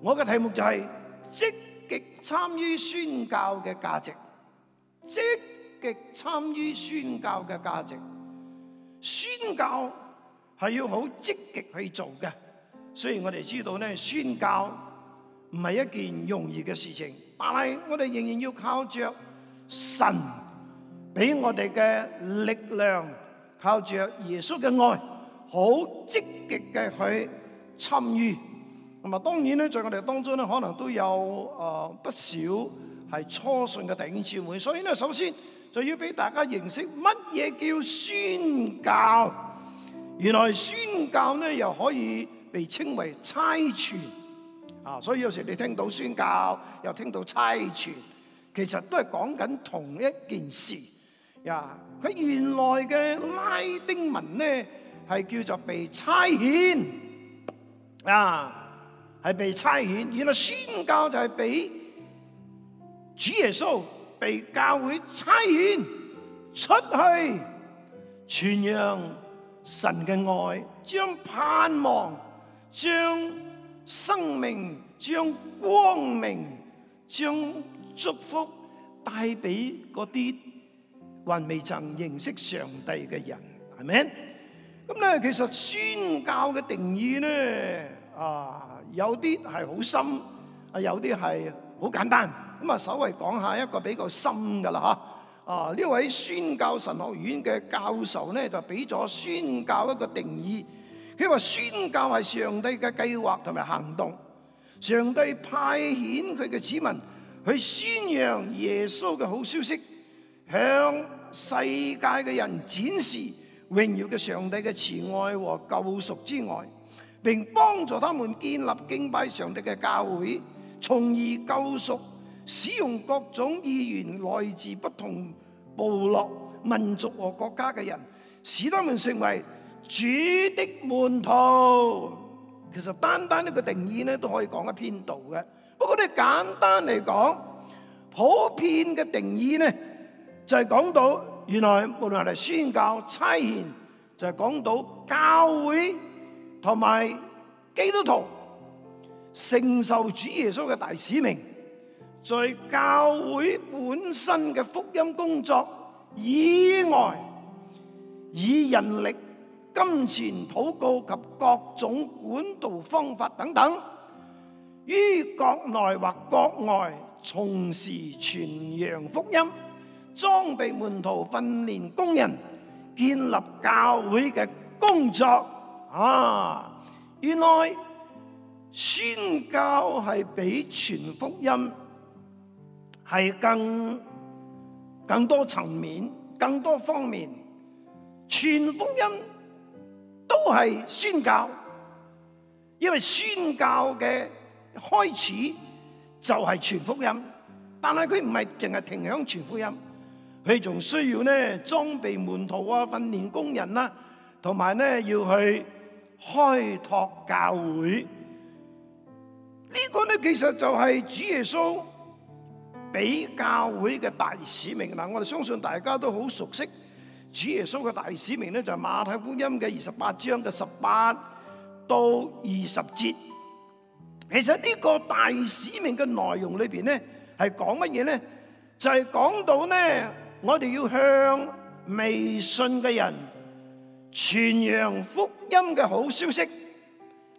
我嘅題目就係積極參與宣教嘅價值，積極參與宣教嘅價值，宣教係要好積極去做嘅。雖然我哋知道咧，宣教唔係一件容易嘅事情，但係我哋仍然要靠着神俾我哋嘅力量，靠着耶穌嘅愛，好積極嘅去參與。咁啊，當然咧，在我哋當中咧，可能都有誒不少係初信嘅頂住門。所以咧，首先就要俾大家認識乜嘢叫宣教。原來宣教咧，又可以被稱為差傳啊。所以有時你聽到宣教，又聽到差傳，其實都係講緊同一件事呀。佢原來嘅拉丁文咧，係叫做被差遣啊。係被差遣，原來宣教就係俾主耶穌被教會差遣出去，傳揚神嘅愛，將盼望、將生命、將光明、將祝福帶俾嗰啲還未曾認識上帝嘅人，係咪？咁咧，其實宣教嘅定義咧，啊～有啲係好深，啊有啲係好簡單，咁啊稍微講下一個比較深嘅啦嗬。啊呢位宣教神學院嘅教授咧就俾咗宣教一個定義，佢話宣教係上帝嘅計劃同埋行動，上帝派遣佢嘅子民去宣揚耶穌嘅好消息，向世界嘅人展示榮耀嘅上帝嘅慈愛和救贖之愛。並幫助他們建立敬拜上帝嘅教會，從而救贖使用各種語言、來自不同部落、民族和國家嘅人，使他們成為主的門徒。其實單單呢個定義呢都可以講一篇道嘅。不過呢簡單嚟講，普遍嘅定義呢就係講到原來無論係宣教、差遣，就係講到教會。同埋基督徒承受主耶穌嘅大使命，在教會本身嘅福音工作以外，以人力、金錢、禱告及各種管道、方法等等，於國內或國外從事傳揚福音、裝備門徒、訓練工人、建立教會嘅工作。啊！原來宣教係比傳福音係更更多層面、更多方面。傳福音都係宣教，因為宣教嘅開始就係傳福音，但係佢唔係淨係停響傳福音，佢仲需要呢裝備門徒啊、訓練工人啦，同埋呢要去。開拓教會呢個呢，其實就係主耶穌俾教會嘅大使命。嗱，我哋相信大家都好熟悉主耶穌嘅大使命咧，就係馬太福音嘅二十八章嘅十八到二十節。其實呢個大使命嘅內容裏邊咧，係講乜嘢咧？就係講到咧，我哋要向未信嘅人。傳揚福音嘅好消息，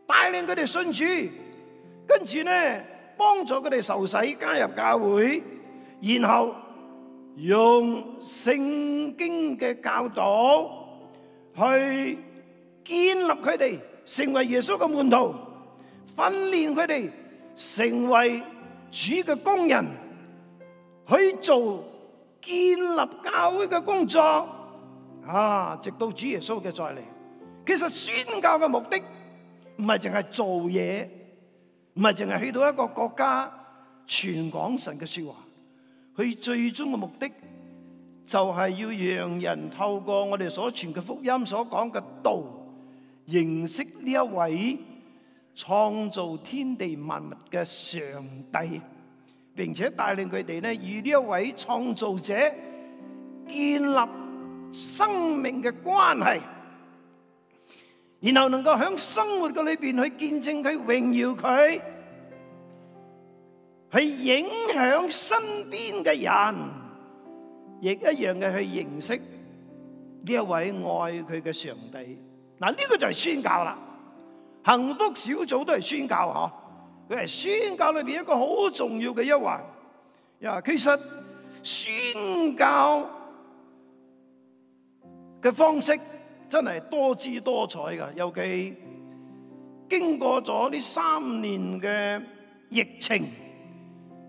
帶領佢哋信主，跟住呢，幫助佢哋受洗，加入教會，然後用聖經嘅教導去建立佢哋成為耶穌嘅門徒，訓練佢哋成為主嘅工人，去做建立教會嘅工作。啊！直到主耶穌嘅再嚟，其實宣教嘅目的唔係淨係做嘢，唔係淨係去到一個國家傳講神嘅說話。佢最終嘅目的就係要讓人透過我哋所傳嘅福音所講嘅道，認識呢一位創造天地萬物嘅上帝，並且帶領佢哋咧與呢一位創造者建立。生命嘅關係，然後能夠響生活嘅裏邊去見證佢，榮耀佢，去影響身邊嘅人，亦一樣嘅去認識呢一位愛佢嘅上帝。嗱，呢個就係宣教啦，幸福小組都係宣教嗬，佢係宣教裏邊一個好重要嘅一環。呀，其實宣教嘅方式真係多姿多彩嘅，尤其經過咗呢三年嘅疫情，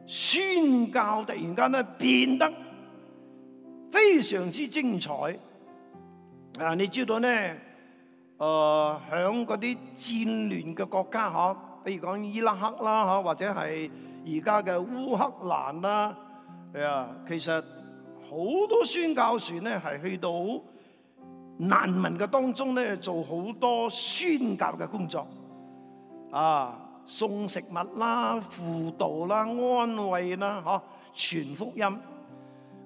宣教突然間咧變得非常之精彩。啊，你知道咧？誒、呃，響嗰啲戰亂嘅國家，嗬、啊，比如講伊拉克啦，嗬、啊，或者係而家嘅烏克蘭啦，係啊，其實好多宣教船咧係去到。難民嘅當中咧，做好多宣教嘅工作，啊，送食物啦、啊、輔導啦、啊、安慰啦、啊，嗬、啊，傳福音。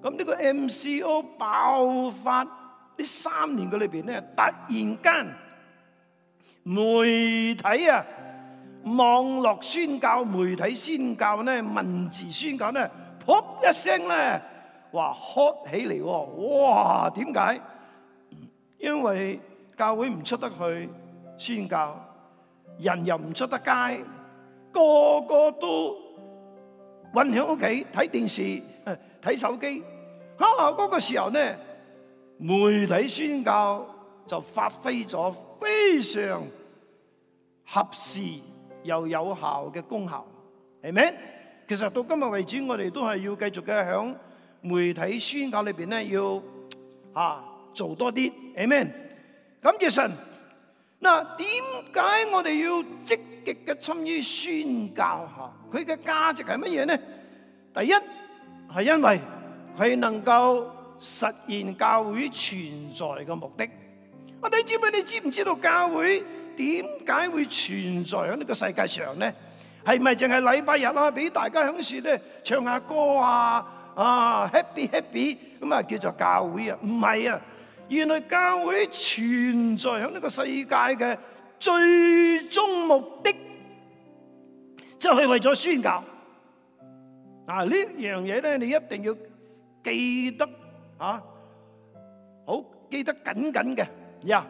咁呢個 MCO 爆發呢三年嘅裏邊咧，突然間媒體啊、網絡宣教媒體宣教咧、文字宣教咧，噗一聲咧，話 hot 起嚟喎，哇，點解？因為教會唔出得去宣教，人又唔出得街，個個都困喺屋企睇電視、睇手機。啊，嗰、那個時候呢，媒體宣教就發揮咗非常合時又有效嘅功效，係咪？其實到今日為止，我哋都係要繼續嘅響媒體宣教裏邊呢，要啊。做多啲，amen 咁，感謝神。嗱，點解我哋要積極嘅參與宣教下？佢嘅價值係乜嘢呢？第一係因為佢能夠實現教會存在嘅目的。我哋知唔知，你知唔知，知道教會點解會存在喺呢個世界上呢？係咪淨係禮拜日啊，俾大家響樹咧唱下歌啊啊，happy happy，咁啊叫做教會啊？唔係啊！原來教會存在喺呢個世界嘅最終目的，即係為咗宣教。嗱，呢樣嘢咧，你一定要記得啊，好記得緊緊嘅。呀，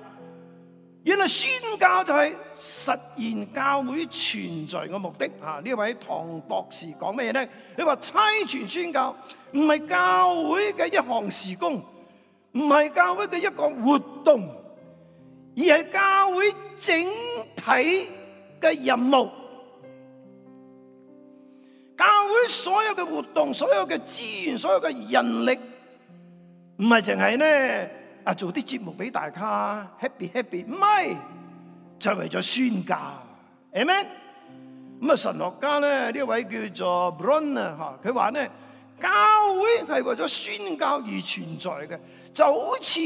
原來宣教就係實現教會存在嘅目的。啊，呢位唐博士講咩嘢咧？佢話差傳宣教唔係教會嘅一項事工。唔係教會嘅一個活動，而係教會整體嘅任務。教會所有嘅活動、所有嘅資源、所有嘅人力，唔係淨係咧啊做啲節目俾大家 happy happy，唔係就係為咗宣教，Amen。咁啊神學家咧呢位叫做 Brunner，佢話咧教會係為咗宣教而存在嘅。就好似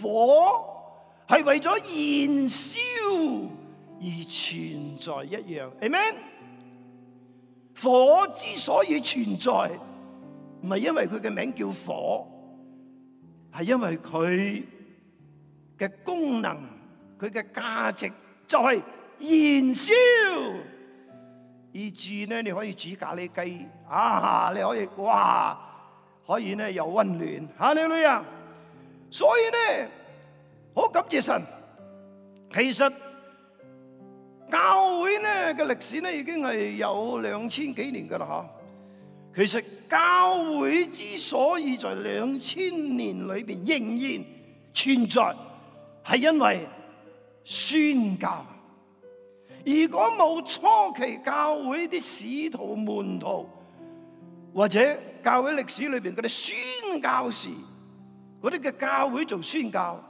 火係為咗燃燒而存在一樣，Amen？火之所以存在，唔係因為佢嘅名叫火，係因為佢嘅功能，佢嘅價值就係燃燒。而煮呢，你可以煮咖喱雞啊，你可以哇，可以咧有溫暖吓，靚女啊！所以咧，好感謝神。其實教會咧嘅歷史咧已經係有兩千幾年噶啦嚇。其實教會之所以在兩千年裏邊仍然存在，係因為宣教。如果冇初期教會啲使徒門徒，或者教會歷史裏邊嗰啲宣教士，嗰啲嘅教會做宣教，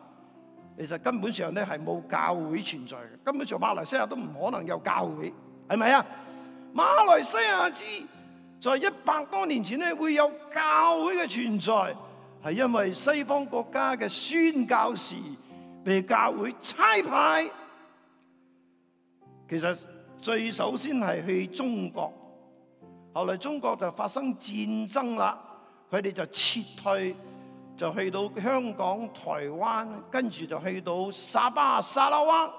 其實根本上咧係冇教會存在嘅。根本上馬來西亞都唔可能有教會，係咪啊？馬來西亞之在一百多年前咧會有教會嘅存在，係因為西方國家嘅宣教士被教會差派。其實最首先係去中國，後來中國就發生戰爭啦，佢哋就撤退。就去到香港、台灣，跟住就去到沙巴、沙拉哇，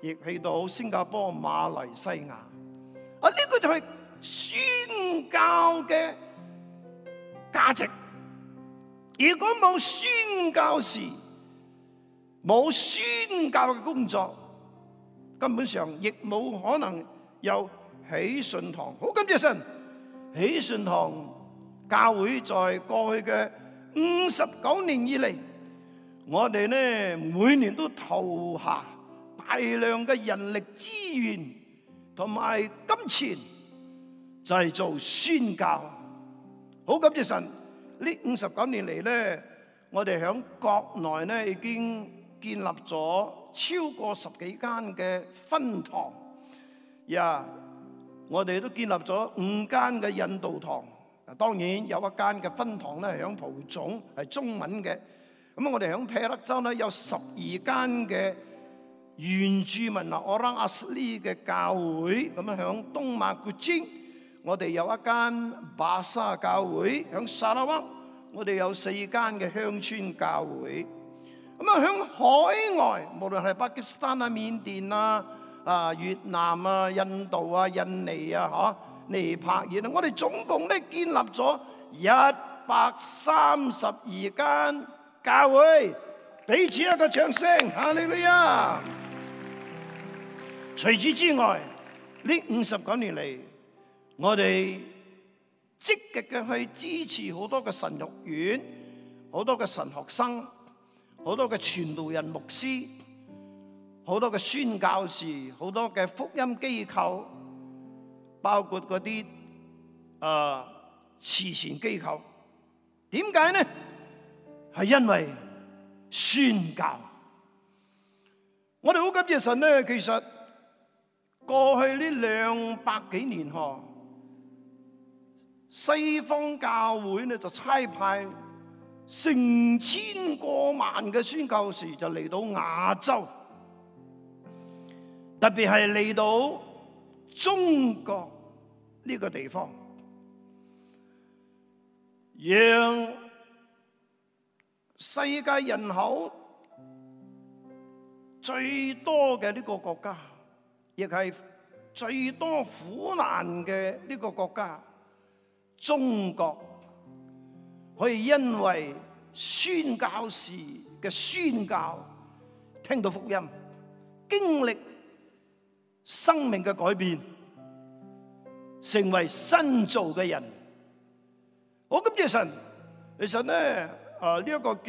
亦去到新加坡、馬來西亞。啊，呢、這個就係宣教嘅價值。如果冇宣教時，冇宣教嘅工作，根本上亦冇可能有喜信堂。好，感謝神，喜信堂教會在過去嘅。五十九年以嚟，我哋咧每年都投下大量嘅人力資源同埋金錢，製造宣教。好，感謝神！呢五十九年嚟咧，我哋喺國內咧已經建立咗超過十幾間嘅分堂。呀，我哋都建立咗五間嘅印度堂。嗱，當然有一間嘅分堂咧，喺蒲種係中文嘅。咁我哋喺霹靂州咧有十二間嘅原住民啊，Orang Asli 嘅教會咁啊，喺東馬古晉，我哋有一間巴沙教會，喺薩拉灣，我哋有四間嘅鄉村教會。咁啊，喺海外，無論係巴基斯坦啊、緬甸啊、啊越南啊、印度啊、印尼啊，嗬。尼泊爾我哋總共咧建立咗一百三十二間教會，彼此一個掌聲嚇你哋啊！除此之外，呢五十九年嚟，我哋積極嘅去支持好多嘅神學院、好多嘅神學生、好多嘅傳道人牧師、好多嘅宣教士、好多嘅福音機構。包括嗰啲啊慈善機構，點解呢？係因為宣教。我哋好感謝神呢，其實過去呢兩百幾年呵，西方教會呢就差派成千過萬嘅宣教士就嚟到亞洲，特別係嚟到中國。呢、這個地方，讓世界人口最多嘅呢個國家，亦係最多苦難嘅呢個國家，中國，可以因為宣教士嘅宣教，聽到福音，經歷生命嘅改變。成為新造嘅人好，我感謝神。其實咧，啊呢一、這個叫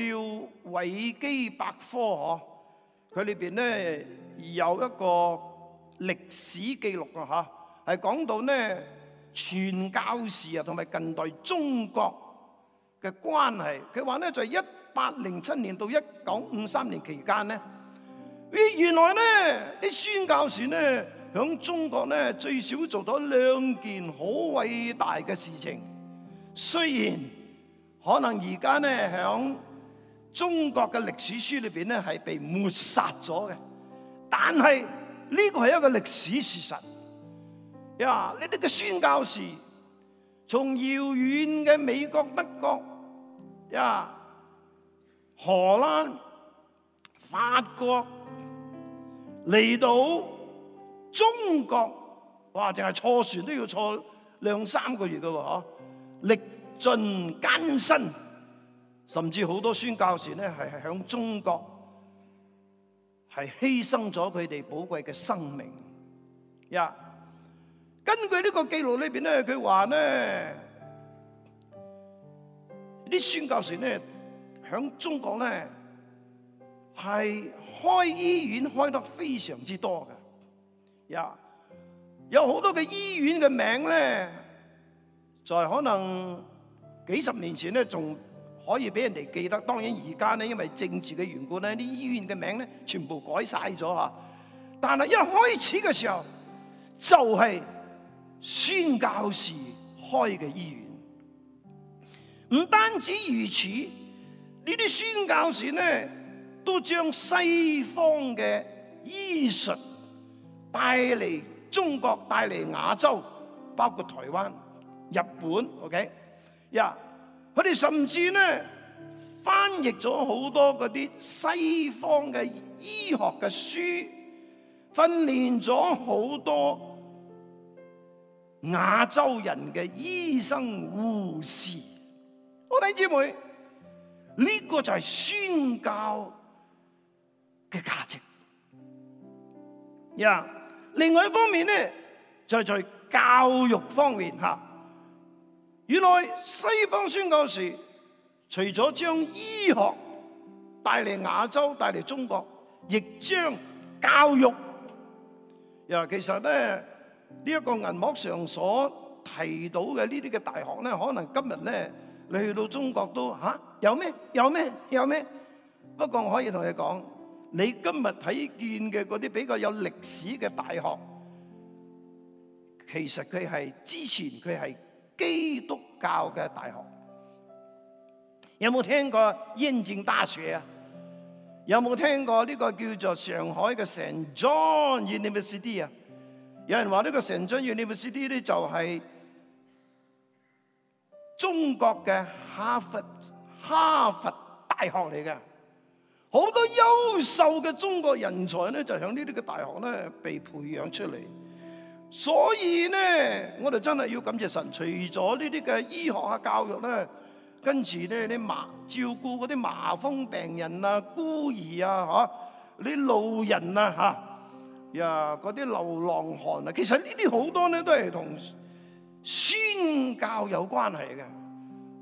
維基百科，嗬、啊，佢裏邊咧有一個歷史記錄啊，嚇，係講到咧傳教士啊同埋近代中國嘅關係。佢話咧，就係一八零七年到一九五三年期間咧，原來咧啲宣教士咧。喺中國咧最少做到兩件好偉大嘅事情，雖然可能而家咧喺中國嘅歷史書裏邊咧係被抹殺咗嘅，但係呢個係一個歷史事實。呀，呢啲嘅宣教士從遙遠嘅美國、德國、呀荷蘭、法國嚟到中國哇，淨係坐船都要坐兩三個月噶喎，歷盡艱辛，甚至好多宣教士咧係係響中國係犧牲咗佢哋寶貴嘅生命。呀、yeah.，根據呢個記錄裏邊咧，佢話咧啲宣教士咧響中國咧係開醫院開得非常之多嘅。呀、yeah.，有好多嘅醫院嘅名咧，在、就是、可能幾十年前咧，仲可以俾人哋記得。當然而家呢，因為政治嘅緣故呢，啲醫院嘅名咧，全部改晒咗啊！但係一開始嘅時候，就係、是、宣教士開嘅醫院。唔單止如此，呢啲宣教士呢，都將西方嘅醫術。帶嚟中國，帶嚟亞洲，包括台灣、日本，OK？呀，佢哋甚至呢翻譯咗好多嗰啲西方嘅醫學嘅書，訓練咗好多亞洲人嘅醫生、護士。我哋姐妹呢、呢個就係宣教嘅價值。呀、yeah.！另外一方面咧，就係、是、在教育方面吓，原來西方宣教士，除咗將醫學帶嚟亞洲、帶嚟中國，亦將教育。呀，其實咧呢一、這個銀幕上所提到嘅呢啲嘅大學咧，可能今日咧你去到中國都吓有咩？有咩？有咩？不過我可以同你講。你今日睇見嘅嗰啲比較有歷史嘅大學，其實佢係之前佢係基督教嘅大學。有冇聽過燕京大學啊？有冇聽過呢個叫做上海嘅 St. John's University 啊？有人話呢個 St. John's University 咧就係中國嘅哈佛哈佛大學嚟嘅。好多優秀嘅中國人才咧，就喺呢啲嘅大學咧被培養出嚟。所以咧，我哋真係要感謝神。除咗呢啲嘅醫學啊、教育咧，跟住咧啲麻照顧嗰啲麻風病人啊、孤兒啊、嚇、啊，啲老人啊、嚇、啊，呀嗰啲流浪漢啊，其實這些呢啲好多咧都係同宣教有關係嘅。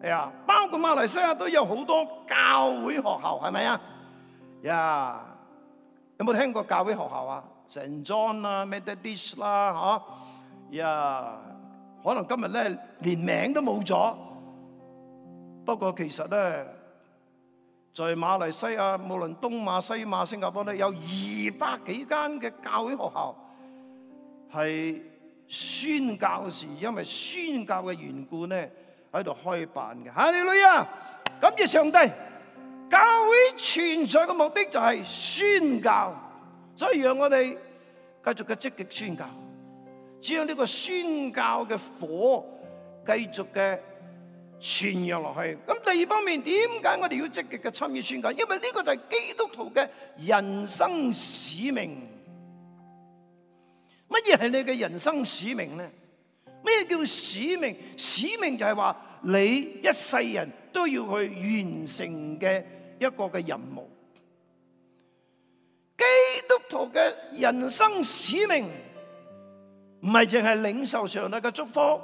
係、哎、啊，包括馬來西亞都有好多教會學校，係咪啊？呀、yeah.，有冇聽過教會學校、Jean-John、啊？聖約翰啦、咩德利士啦，吓呀，可能今日咧連名都冇咗。不過其實咧，在馬來西亞，無論東馬、西馬、新加坡咧，有二百幾間嘅教會學校係宣教士，因為宣教嘅緣故咧，喺度開辦嘅。吓，女啊，感謝上帝！教會存在嘅目的就係宣教，所以讓我哋繼續嘅積極宣教，只有呢個宣教嘅火繼續嘅傳揚落去。咁第二方面，點解我哋要積極嘅參與宣教？因為呢個就係基督徒嘅人生使命。乜嘢係你嘅人生使命咧？咩叫使命？使命就係話你一世人都要去完成嘅。一個嘅任務，基督徒嘅人生使命唔係淨係領受上帝嘅祝福，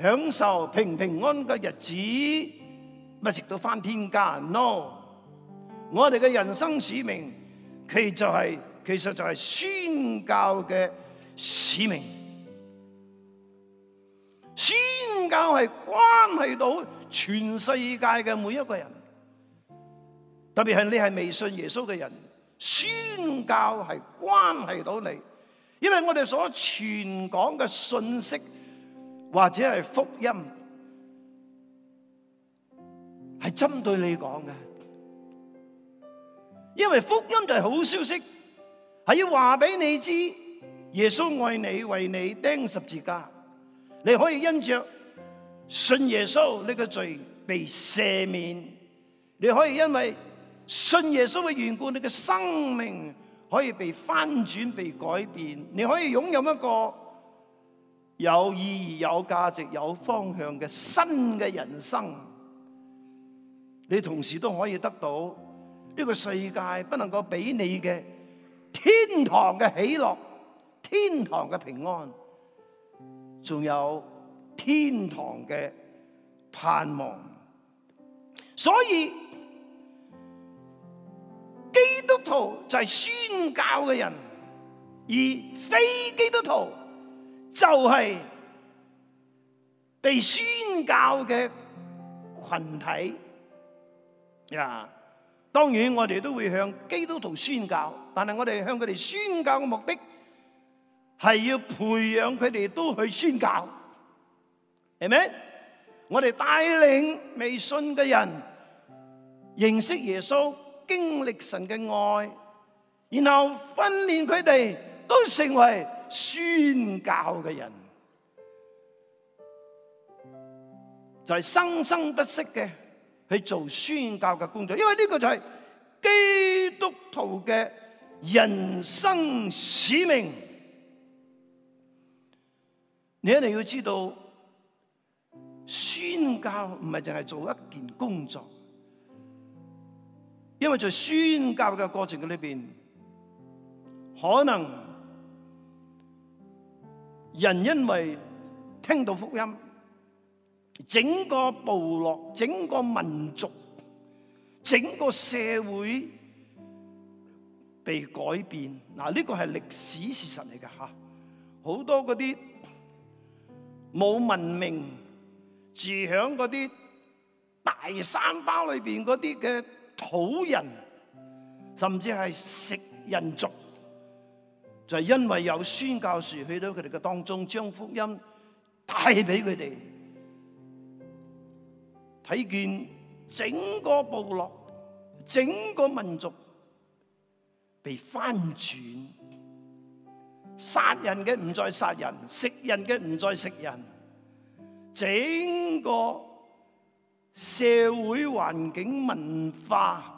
享受平平安嘅日子，唔係直到翻天家咯。No, 我哋嘅人生使命，其就係、是、其實就係宣教嘅使命。宣教係關係到全世界嘅每一個人。特別係你係未信耶穌嘅人，宣教係關係到你，因為我哋所傳講嘅信息或者係福音，係針對你講嘅。因為福音就係好消息，係要話俾你知耶穌愛你，為你釘十字架，你可以因着信耶穌呢個罪被赦免，你可以因為。信耶穌嘅緣故，你嘅生命可以被翻轉、被改變，你可以擁有一個有意義、有價值、有方向嘅新嘅人生。你同時都可以得到呢個世界不能夠俾你嘅天堂嘅喜樂、天堂嘅平安，仲有天堂嘅盼望。所以。基督徒就係宣教嘅人，而非基督徒就係被宣教嘅群體。呀，當然我哋都會向基督徒宣教，但係我哋向佢哋宣教嘅目的係要培養佢哋都去宣教，係咪？我哋帶領未信嘅人認識耶穌，經歷神嘅愛，然後訓練佢哋都成為宣教嘅人，就係生生不息嘅去做宣教嘅工作。因為呢個就係基督徒嘅人生使命。你一定要知道，宣教唔係淨係做一件工作。因為在宣教嘅過程嘅裏邊，可能人因為聽到福音，整個部落、整個民族、整個社會被改變。嗱，呢個係歷史事實嚟嘅吓，好多嗰啲冇文明住響嗰啲大山包裏邊嗰啲嘅。土人甚至係食人族，就係、是、因為有宣教士去到佢哋嘅當中，將福音帶俾佢哋，睇見整個部落、整個民族被翻轉，殺人嘅唔再殺人，食人嘅唔再食人，整個。社會環境文化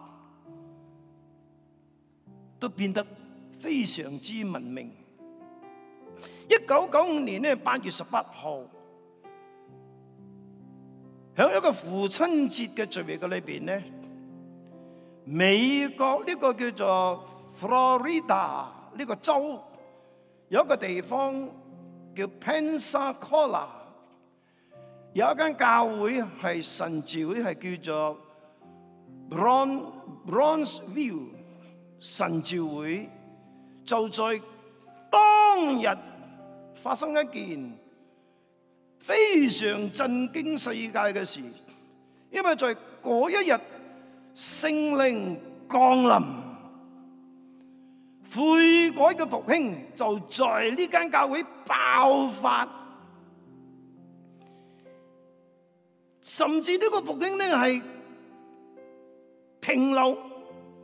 都變得非常之文明。一九九五年咧，八月十八號，喺一個父親節嘅聚會裏邊呢，美國呢個叫做 Florida 呢個州有一個地方叫 Pensacola。有一間教會係神召會，係叫做 Bron Brownsville 神召會，就在當日發生一件非常震驚世界嘅事，因為在嗰一日聖靈降臨，悔改嘅復興就在呢間教會爆發。甚至呢個復興呢係停留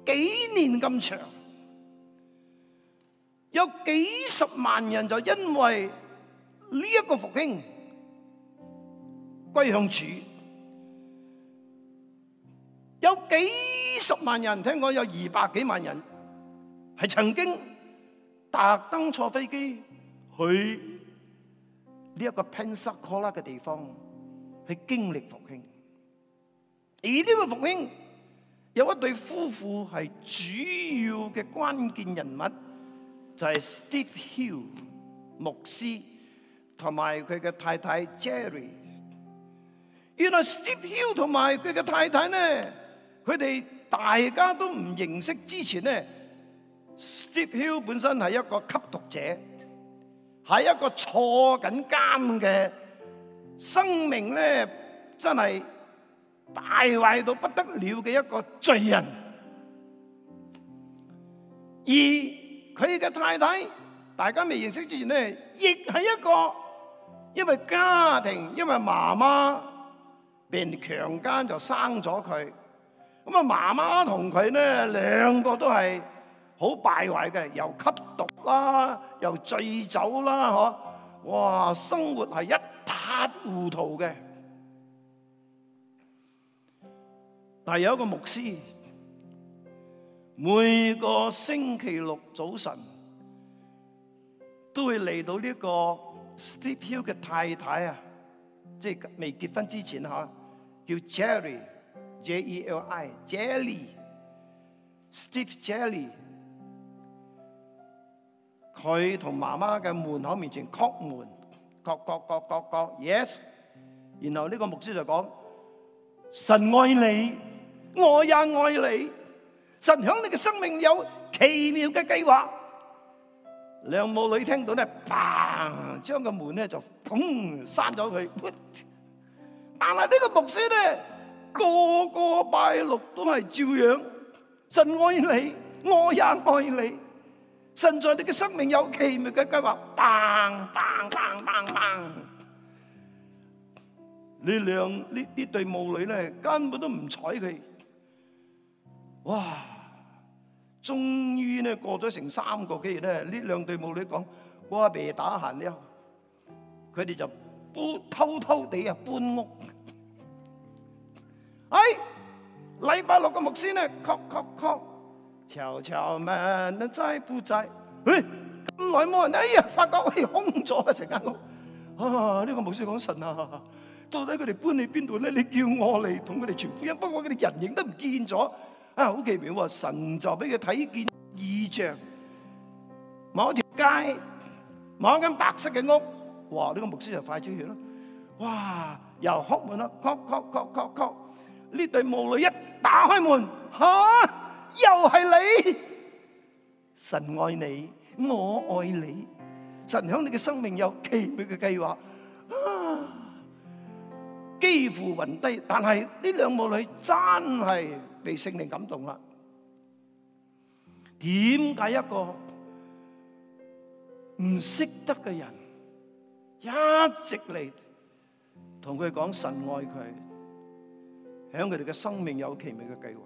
幾年咁長，有幾十萬人就因為呢一個復興歸向處，有幾十萬人，聽講有二百幾萬人係曾經特登坐飛機去呢一個 Pensacola 嘅地方。去經歷復興，而呢個復興有一對夫婦係主要嘅關鍵人物，就係 Steve Hill 牧師同埋佢嘅太太 Jerry。原來 Steve Hill 同埋佢嘅太太呢，佢哋大家都唔認識。之前呢，Steve Hill 本身係一個吸毒者，係一個坐緊監嘅，生命咧，真係大壞到不得了嘅一個罪人，而佢嘅太太，大家未認識之前呢，亦係一個因為家庭，因為媽媽被強姦就生咗佢。咁啊，媽媽同佢呢兩個都係好敗壞嘅，又吸毒啦，又醉酒啦，吓、啊、哇，生活係一一塌糊塗嘅。嗱，有一個牧師，每個星期六早晨都會嚟到呢個 Steve Hill 嘅太太啊，即係未結婚之前哈，叫 Jelly，J E L I，Jelly，Steve Jelly，佢同媽媽嘅門口面前敲門。各各各各各 yes，然後呢個牧師就講：神愛你，我也愛你。神響你嘅生命有奇妙嘅計劃。兩母女聽到咧，啪，將個門咧就砰閂咗佢。但係呢個牧師咧，個個拜六都係照樣，神愛你，我也愛你。神在你嘅生命有奇妙嘅計劃，砰砰砰砰砰！呢兩呢呢對母女咧根本都唔睬佢。哇！終於咧過咗成三個幾月咧，呢兩對母女講：我阿爸打閒咧，佢哋就搬偷偷地啊搬屋。哎！禮拜六嘅牧師咧，磕磕磕。悄悄問，你在不在？誒，咁耐冇人，哎呀，發覺誒空咗啊，成間屋，啊，呢個牧師講神啊，到底佢哋搬去邊度咧？你叫我嚟同佢哋傳福音，不過佢哋人影都唔見咗。啊，好奇妙喎！神就俾佢睇見異象。某一條街，某一間白色嘅屋，哇！呢個牧師就快出去啦。哇！又敲門啦，敲敲敲敲敲，呢對母女一打開門，吓！又係你，神愛你，我愛你，神響你嘅生命有奇妙嘅計劃，幾乎暈低。但係呢兩母女真係被聖靈感動啦。點解一個唔識得嘅人，一直嚟同佢講神愛佢，響佢哋嘅生命有奇妙嘅計劃？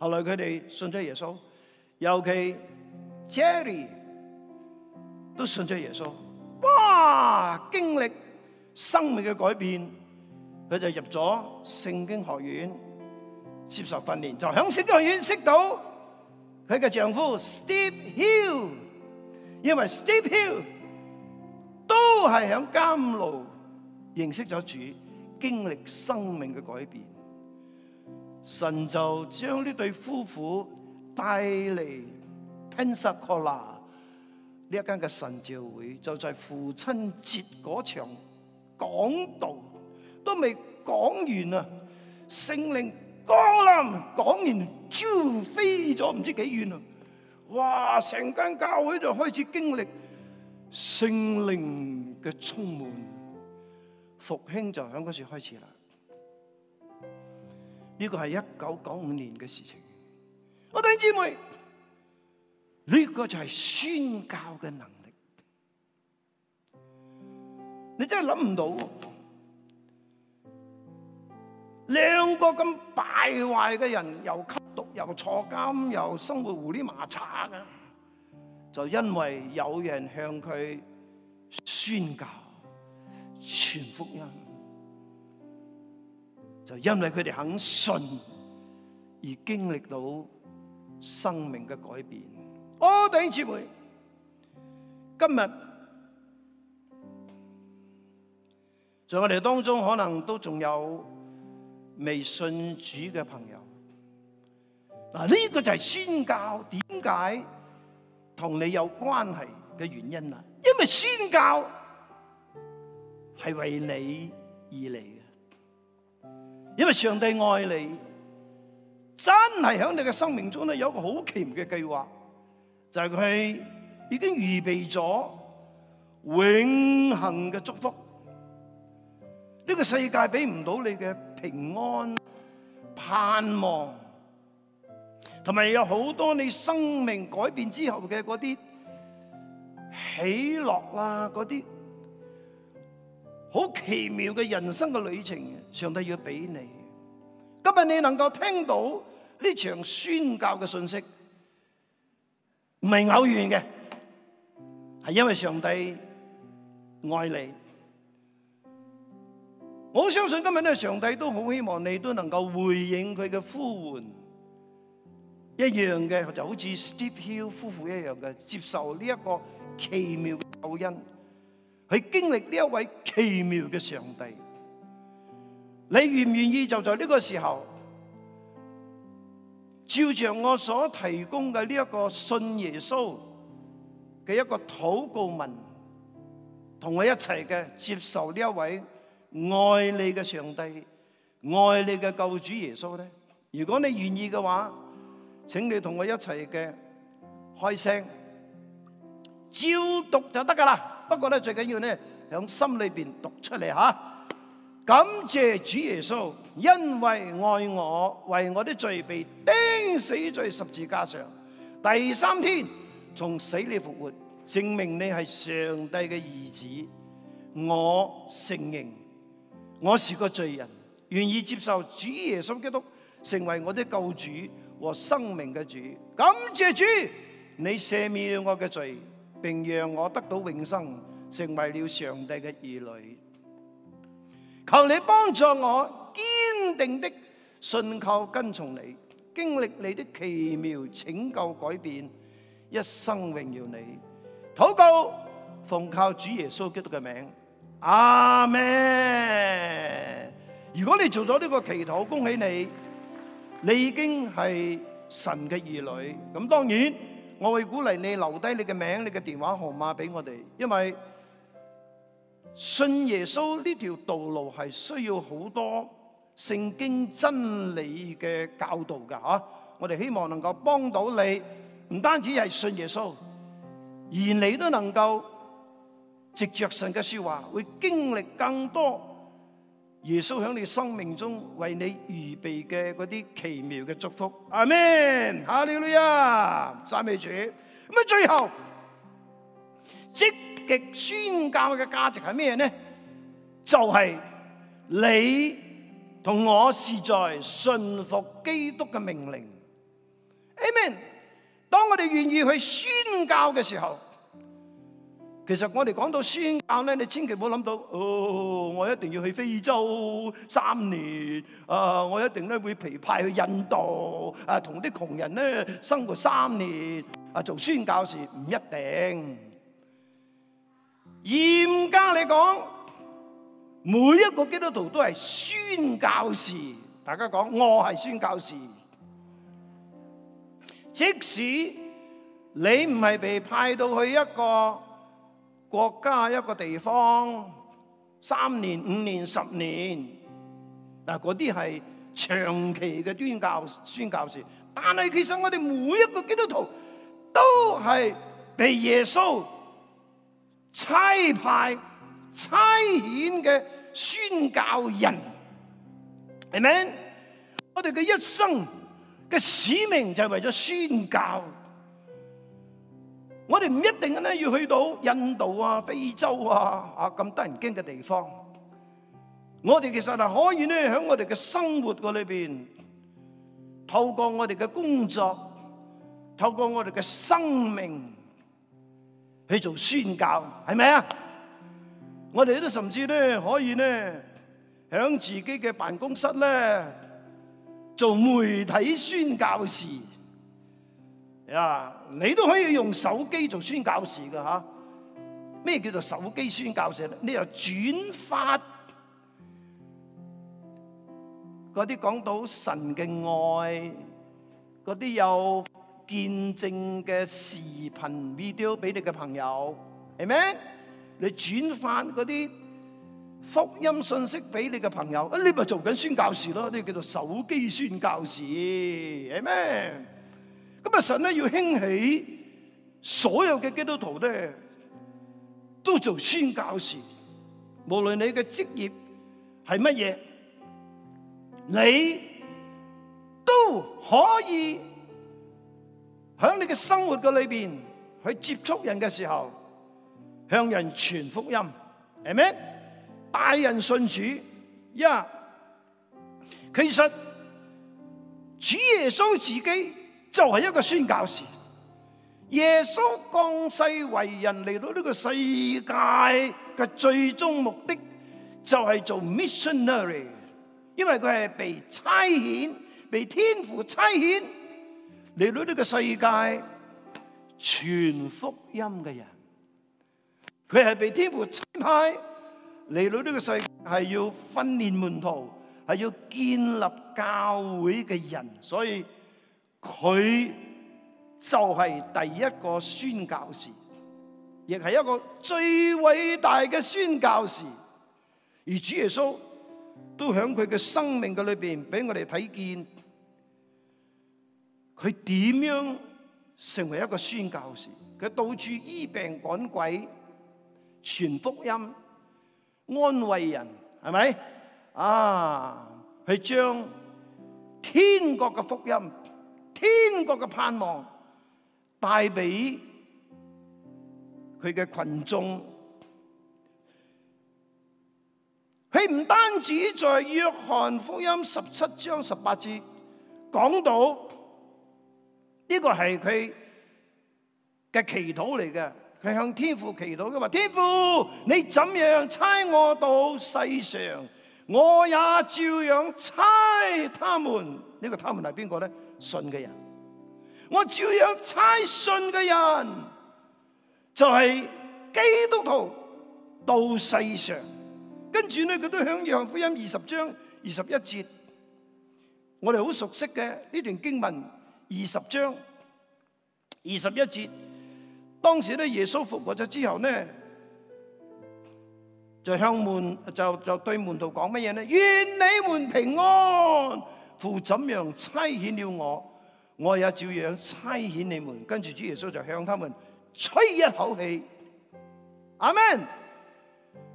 後來佢哋信咗耶穌，尤其 Jerry 都信咗耶穌，哇！經歷生命嘅改變，佢就入咗聖經學院接受訓練。就響聖經學院識到佢嘅丈夫 Steve Hill，因為 Steve Hill 都係響監獄認識咗主，經歷生命嘅改變。神就將呢對夫婦帶嚟 Pensacola 呢一間嘅神召會，就在父親節嗰場講道都未講完啊，聖靈，聖靈降臨，講完 Q 飛咗唔知幾遠啊！哇，成間教會就開始經歷聖靈嘅充滿，復興就喺嗰時開始啦。呢、這個係一九九五年嘅事情我，我弟兄姊妹，呢、這個就係宣教嘅能力，你真係諗唔到，兩個咁敗壞嘅人，又吸毒又坐監又生活胡里麻差嘅，就因為有人向佢宣教全福音。就因為佢哋肯信而經歷到生命嘅改變，弟兄姊妹，今日在我哋當中可能都仲有未信主嘅朋友。嗱，呢個就係宣教點解同你有關係嘅原因啦，因為宣教係為你而嚟嘅。因為上帝愛你，真係喺你嘅生命中咧，有一個好奇妙嘅計劃，就係佢已經預備咗永恒嘅祝福。呢個世界俾唔到你嘅平安、盼望，同埋有好多你生命改變之後嘅嗰啲喜樂啦，嗰啲。好奇妙嘅人生嘅旅程，上帝要俾你。今日你能夠聽到呢場宣教嘅信息，唔係偶然嘅，係因為上帝愛你。我相信今日呢，上帝都好希望你都能夠回應佢嘅呼喚，一樣嘅就好似 Steve Hill 夫婦一樣嘅接受呢一個奇妙嘅救恩。去經歷呢一位奇妙嘅上帝，你願唔願意就在呢個時候，照着我所提供嘅呢一個信耶穌嘅一個禱告文，同我一齊嘅接受呢一位愛你嘅上帝，愛你嘅救主耶穌咧？如果你願意嘅話，請你同我一齊嘅開聲，照讀就得㗎喇。不過咧，最緊要呢，響心裏邊讀出嚟吓，感謝主耶穌，因為愛我，為我的罪被釘死在十字架上，第三天從死裏復活，證明你係上帝嘅兒子。我承認我是個罪人，願意接受主耶穌基督成為我的救主和生命嘅主。感謝主，你赦免咗我嘅罪。並讓我得到永生，成為了上帝嘅兒女。求你幫助我，堅定的信靠跟從你，經歷你的奇妙拯救改變，一生榮耀你。禱告，奉靠主耶穌基督嘅名，阿門。如果你做咗呢個祈禱，恭喜你，你已經係神嘅兒女。咁當然。我會鼓勵你留低你的名字、你的電話號碼俾我哋，因為信耶穌這條道路是需要好多聖經真理的教導的。我哋希望能夠幫到你，唔單止係信耶穌，而你都能夠藉着神嘅說話，會經歷更多。耶穌喺你生命中為你預備嘅嗰啲奇妙嘅祝福阿，Amen 哈利路亞，讚美主。咁啊，最後積極宣教嘅價值係咩呢？就係、是、你同我是在信服基督嘅命令。Amen 當我哋願意去宣教嘅時候。其實我哋講到宣教咧，你千祈唔好諗到哦，我一定要去非洲三年啊，我一定咧會被派去印度啊，同啲窮人咧生活三年啊，做宣教士唔一定。嚴格嚟講，每一個基督徒都係宣教士。大家講我係宣教士，即使你唔係被派到去一個國家一個地方，三年五年十年，嗱，嗰啲係長期嘅端教宣教士，但係其實我哋每一個基督徒都係被耶穌差派差遣嘅宣教人，明明我哋嘅一生嘅使命就係為咗宣教。我哋唔一定咧要去到印度啊、非洲啊、啊咁得人驚嘅地方，我哋其實係可以咧喺我哋嘅生活個裏邊，透過我哋嘅工作，透過我哋嘅生命去做宣教，係咪啊？我哋都甚至咧可以咧喺自己嘅辦公室咧做媒體宣教士。啊！你都可以用手機做宣教士㗎吓。咩叫做手機宣教士咧？你又轉發嗰啲講到神嘅愛，嗰啲有見證嘅視頻 video 俾你嘅朋友，係咪？你轉發嗰啲福音信息俾你嘅朋友，啊！你咪做緊宣教士咯？你叫做手機宣教士，係咪？咁啊！神咧要興起所有嘅基督徒咧，都做宣教士。無論你嘅職業係乜嘢，你都可以喺你嘅生活嘅裏邊去接觸人嘅時候，向人傳福音，係咪？帶人信主，一，其實主耶穌自己。就係、是、一個宣教士，耶穌降世為人嚟到呢個世界嘅最終目的就係做 missionary，因為佢係被差遣，被天父差遣嚟到呢個世界全福音嘅人，佢係被天父差派嚟到呢個世界，係要訓練門徒，係要建立教會嘅人，所以。佢就係第一個宣教士，亦係一個最偉大嘅宣教士。而主耶穌都響佢嘅生命嘅裏邊，俾我哋睇見佢點樣成為一個宣教士。佢到處醫病趕鬼，傳福音、安慰人，係咪？啊，佢將天國嘅福音。天國嘅盼望帶俾佢嘅群眾，佢唔單止在約翰福音十七章十八節講到呢個係佢嘅祈禱嚟嘅。佢向天父祈禱，佢話，天父，你怎樣差我到世上，我也照樣差他們。呢個他們係邊個咧？信嘅人，我照樣差信嘅人就係基督徒到世上，跟住呢，佢都響約翰福音二十章二十一節，我哋好熟悉嘅呢段經文二十章二十一節，當時呢，耶穌復活咗之後呢，就向門就就對門徒講乜嘢呢？願你們平安。父怎樣差遣了我，我也照樣差遣你們。跟住主耶穌就向他們吹一口氣，阿門。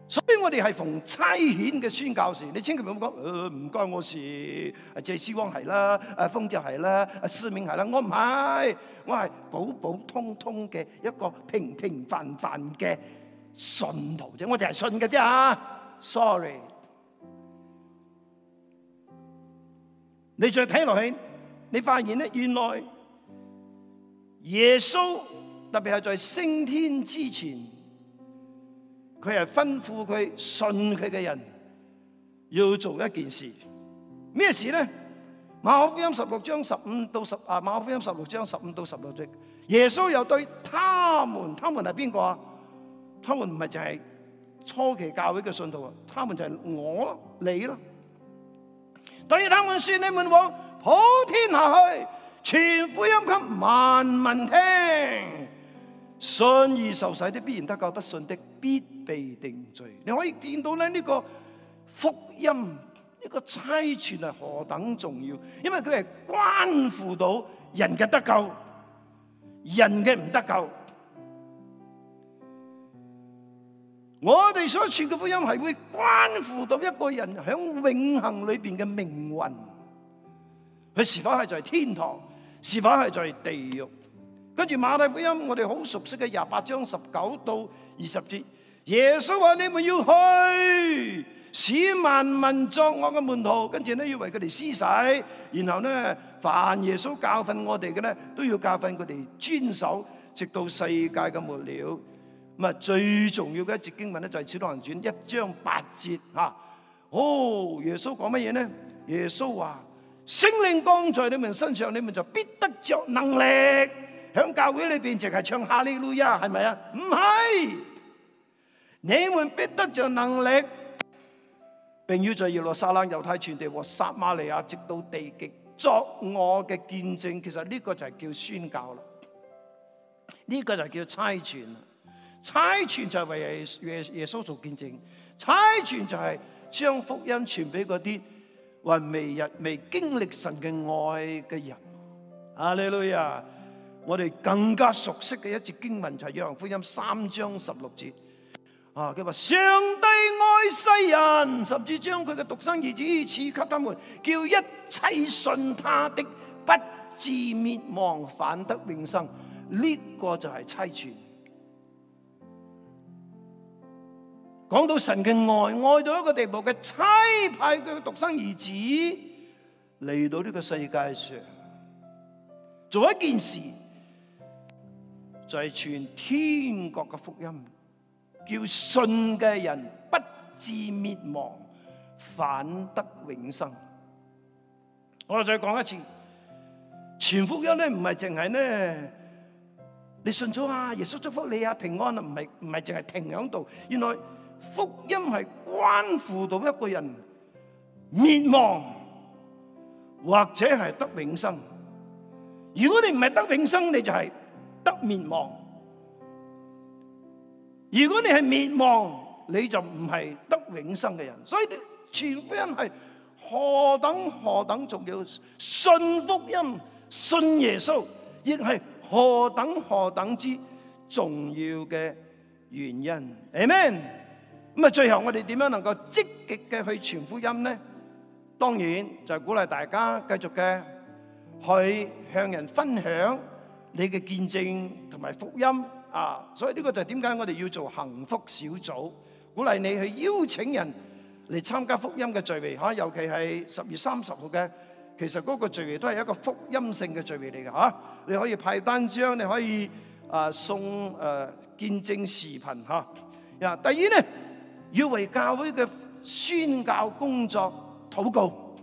所以我哋係逢差遣嘅宣教士，你千祈唔好講唔關我事。阿謝思光係啦，阿峰就係啦，阿思明係啦，我唔係，我係普普通通嘅一個平平凡凡嘅信徒啫，我就係信嘅啫啊，sorry。你再睇落去，你發現咧，原來耶穌特別係在升天之前，佢係吩咐佢信佢嘅人要做一件事。咩事咧？馬可福音十六章十五到十啊，馬可福音十六章十五到十六節，耶穌又對他們，他們係邊個啊？他們唔係就係初期教會嘅信徒啊，他們就係我你咯、啊。對他們説：你們往普天下去，傳福音給萬民聽。信而受洗的必然得救，不信的必被定罪。你可以見到呢個福音一、這個差傳係何等重要，因為佢係關乎到人嘅得救，人嘅唔得救。我哋所傳嘅福音係會關乎到一個人喺永恒裏邊嘅命運，佢是否係在天堂，是否係在地獄？跟住馬太福音，我哋好熟悉嘅廿八章十九到二十節，耶穌話：你們要去，使萬民作我嘅門徒，跟住呢要為佢哋施洗，然後呢凡耶穌教訓我哋嘅呢，都要教訓佢哋遵守，直到世界嘅末了。咁啊，最重要嘅一節經文咧，就係《使徒行傳》一章八節嚇、啊。哦，耶穌講乜嘢呢？耶穌話：聖靈降在你們身上，你們就必得着能力。喺教會裏邊淨係唱哈利路亞，係咪啊？唔係，你們必得着能力。並要在耶路撒冷、猶太全地和撒瑪利亞，直到地極作我嘅見證。其實呢個就係叫宣教啦，呢、呢個就叫差傳。差傳就係為耶耶穌做見證，差傳就係將福音傳俾嗰啲還未日未經歷神嘅愛嘅人。阿利路亞，我哋更加熟悉嘅一節經文就係約翰福音三章十六節。啊，佢話，上帝愛世人，甚至將佢嘅獨生兒子賜給他們，叫一切信他的不至滅亡，反得永生。呢、這個就係差傳。講到神嘅愛，愛到一個地步，佢差派佢嘅獨生兒子嚟到呢個世界上，做一件事，就係全天國嘅福音，叫信嘅人不致滅亡，反得永生。我哋再講一次，全福音咧唔係淨係咧，你信咗啊，耶穌祝福你啊，平安啊，唔係唔係淨係停響度，原來。福音係關乎到一個人滅亡或者係得永生。如果你唔係得永生，你就係得滅亡。如果你係滅亡，你就唔係得永生嘅人。所以，全福音係何等何等重要，信福音、信耶穌，亦係何等何等之重要嘅原因。阿門。咁啊，最後我哋點樣能夠積極嘅去傳福音呢？當然就鼓勵大家繼續嘅去向人分享你嘅見證同埋福音啊！所以呢個就係點解我哋要做幸福小組，鼓勵你去邀請人嚟參加福音嘅聚會嚇。尤其係十月三十號嘅，其實嗰個聚會都係一個福音性嘅聚會嚟嘅嚇。你可以派單張，你可以啊送誒見證視頻嚇。呀，第二呢。要為教會嘅宣教工作禱告，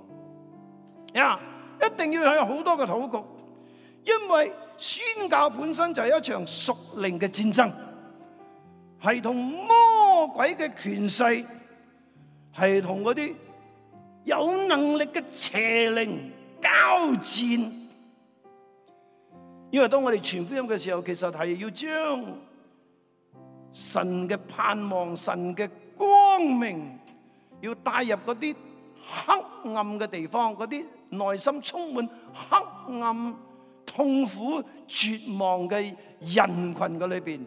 啊、yeah，一定要有好多嘅禱告，因為宣教本身就係一場屬靈嘅戰爭，係同魔鬼嘅權勢，係同嗰啲有能力嘅邪靈交戰。因為當我哋傳福音嘅時候，其實係要將。神嘅盼望，神嘅光明，要帶入啲黑暗嘅地方，啲內心充滿黑暗、痛苦、絕望嘅人群嘅裏邊，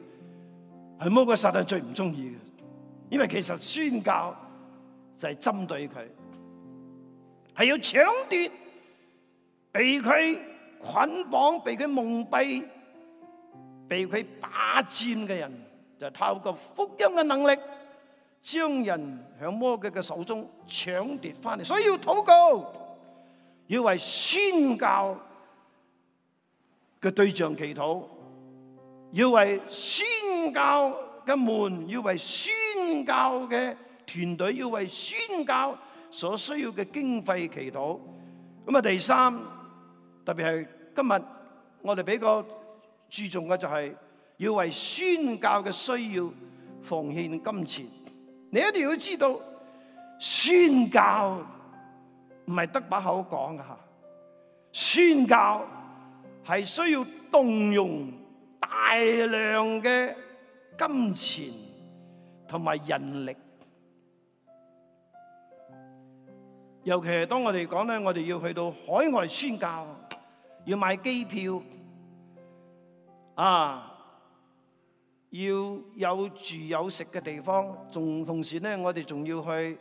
係魔鬼撒旦最唔中意嘅，因為其實宣教就係針對佢，係要搶奪，被佢捆綁、被佢蒙蔽、被佢霸佔嘅人。就透過福音嘅能力，將人響魔鬼嘅手中搶奪翻嚟，所以要禱告，要為宣教嘅對象祈禱，要為宣教嘅門，要為宣教嘅團隊，要為宣教所需要嘅經費祈禱。咁啊，第三特別係今日我哋比較注重嘅就係，要為宣教嘅需要奉獻金錢，你一定要知道宣教唔係得把口講㗎喇，宣教係需要動用大量嘅金錢同埋人力，尤其係當我哋講呢，我哋要去到海外宣教，要買機票啊。要有住有食嘅地方，仲同時咧，我哋仲要去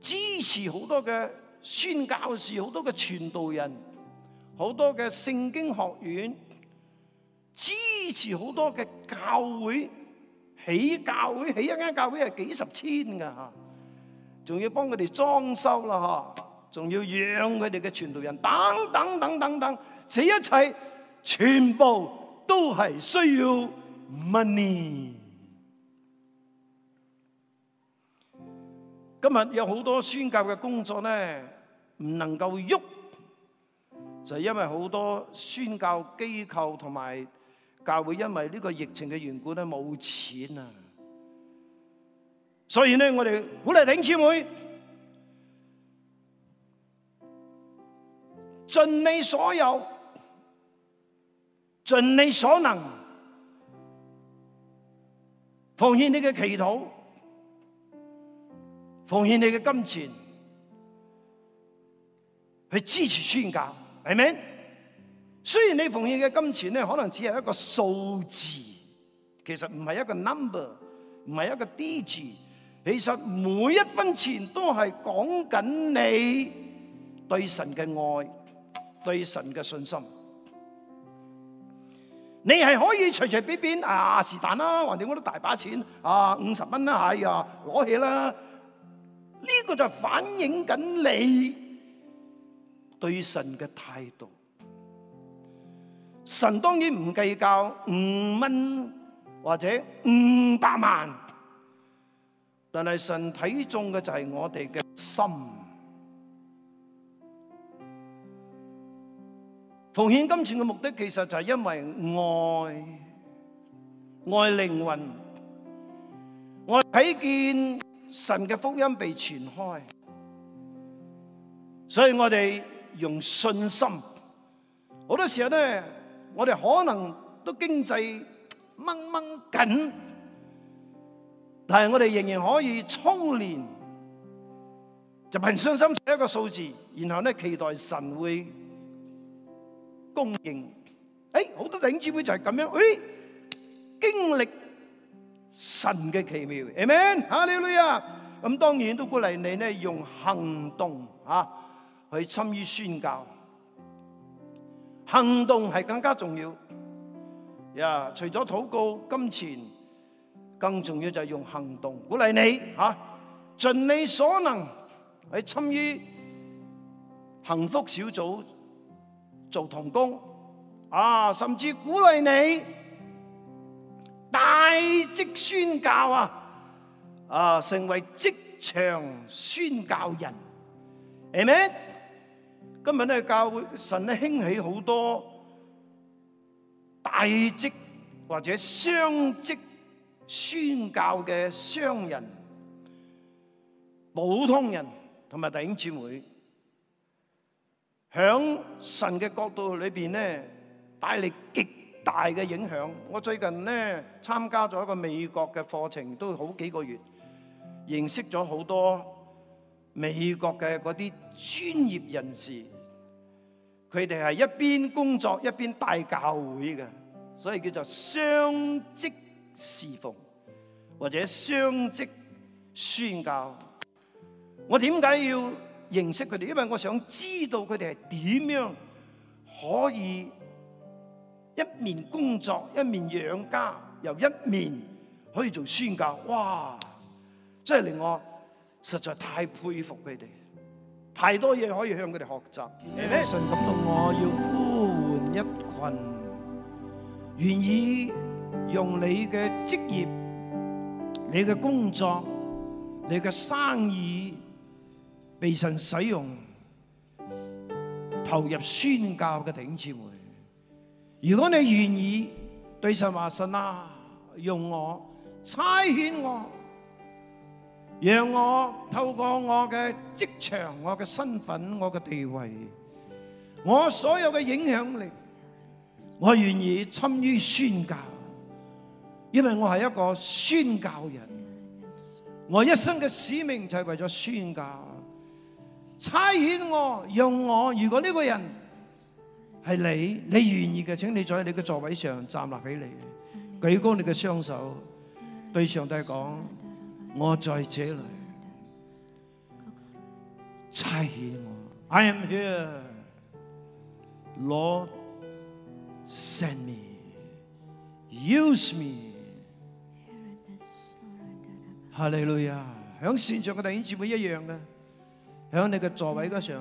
支持好多嘅宣教士，好多嘅傳道人，好多嘅聖經學院，支持好多嘅教會，起教會起一間教會係幾十千噶吓，仲要幫佢哋裝修啦吓，仲要養佢哋嘅傳道人等等等等等，這一切全部。都係需要 money。今日有好多宣教嘅工作咧，唔能夠喐，就係因為好多宣教機構同埋教會，因為呢個疫情嘅緣故咧，冇錢啊！所以咧，我哋鼓勵弟兄姊妹盡你所有。盡你所能奉獻你嘅祈禱，奉獻你嘅金錢去支持宣教，係咪？雖然你奉獻嘅金錢咧，可能只係一個數字，其實唔係一個 number，唔係一個 digits，其實每一分錢都係講緊你對神嘅愛，對神嘅信心。你係可以隨隨便便啊是但啦，橫掂我都大把錢啊，五十蚊啦，哎呀攞起啦！呢個就反映緊你對神嘅態度。神當然唔計較五蚊或者五百萬，但係神睇重嘅就係我哋嘅心。奉獻金錢嘅目的，其實就係因為愛，愛靈魂，愛睇見神嘅福音被傳開，所以我哋用信心。好多時候咧，我哋可能都經濟掹掹緊，但係我哋仍然可以操練，就憑信心寫一個數字，然後咧期待神會。供應，誒，好多弟兄姊妹就係咁樣，誒，經歷神嘅奇妙，amen。哈利路亞啊，咁當然都鼓勵你咧，用行動吓去參與宣教，行動係更加重要。呀，除咗禱告、金錢，更重要就係用行動，鼓勵你吓，盡你所能去參與幸福小組。做同工啊，甚至鼓勵你大職宣教啊，啊，成為職場宣教人 Amen？今日呢咧教會神呢，神咧興起好多大職或者雙職宣教嘅商人、普通人同埋弟兄姊喺神嘅角度裏邊咧，帶嚟極大嘅影響。我最近咧參加咗一個美國嘅課程，都好幾個月，認識咗好多美國嘅嗰啲專業人士，佢哋係一邊工作一邊帶教會嘅，所以叫做雙職侍奉或者雙職宣教。我點解要？認識佢哋，因為我想知道佢哋係點樣可以一面工作一面養家，又一面可以做宣教。哇！真係令我實在太佩服佢哋，太多嘢可以向佢哋學習。神感動我，要呼喚一群願意用你嘅職業、你嘅工作、你嘅生意。被神使用、投入宣教嘅弟兄姊妹。如果你願意對神話神啊，用我、差遣我，讓我透過我嘅職場、我嘅身份、我嘅地位、我所有嘅影響力，我願意參與宣教，因為我係一個宣教人，我一生嘅使命就係為咗宣教。差遣我，用我。如果呢個人係你，你願意嘅，請你坐喺你嘅座位上站立起嚟，舉高你嘅雙手，對上帝講：我在這裏，差遣我。I am here, Lord, send me, use me。哈利路亞，響線上嘅弟兄姊妹一樣嘅。喺你嘅座位嗰上，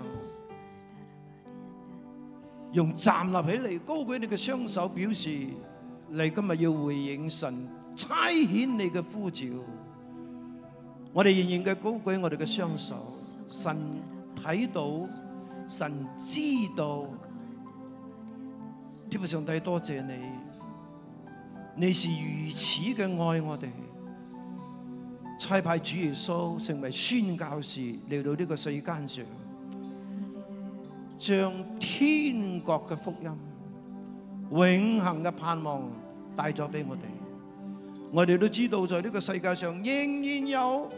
用站立起嚟，高舉你嘅雙手，表示你今日要回應神差遣你嘅呼召。我哋仍然嘅高舉我哋嘅雙手，神睇到，神知道，天父上帝多謝你，你是如此嘅愛我哋，差派主耶穌成為宣教士嚟到呢個世間上，將天國嘅福音、永恆嘅盼望帶咗俾我哋。我哋都知道，在呢個世界上仍然有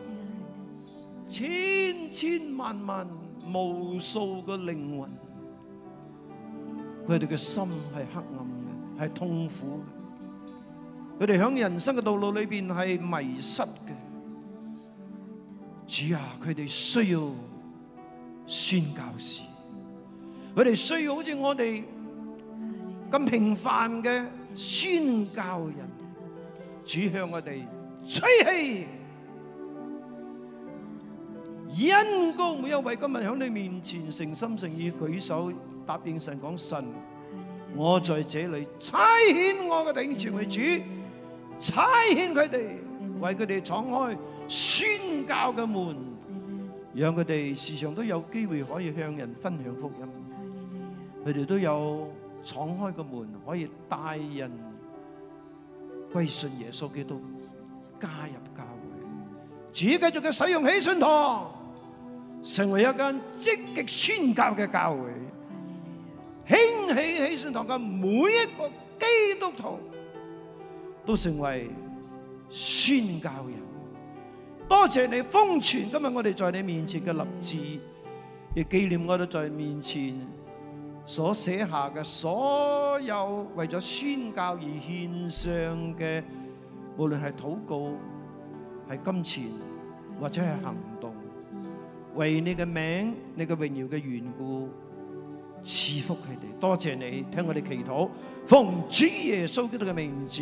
千千萬萬無數嘅靈魂，佢哋嘅心係黑暗嘅，係痛苦嘅，佢哋響人生嘅道路裏邊係迷失嘅。主啊，佢哋需要宣教士，佢哋需要好似我哋咁平凡嘅宣教人。主向我哋吹氣，因公每一位今日響你面前誠心誠意舉手答應神講神，我在這裏差遣我嘅頂前為主，差遣佢哋。為佢哋敞開宣教嘅門，讓佢哋時常都有機會可以向人分享福音。佢哋都有敞開個門，可以帶人歸信耶穌基督，加入教會。主繼續嘅使用喜信堂，成為一間積極宣教嘅教會，興起喜信堂嘅每一個基督徒都成為。宣教人，多謝你封存今日我哋在你面前嘅立志，亦紀念我哋在面前所寫下嘅所有為咗宣教而獻上嘅，無論係禱告、係金錢或者係行動，為你嘅名、你嘅榮耀嘅緣故，賜福佢哋。多謝你聽我哋祈禱，奉主耶穌基督嘅名字。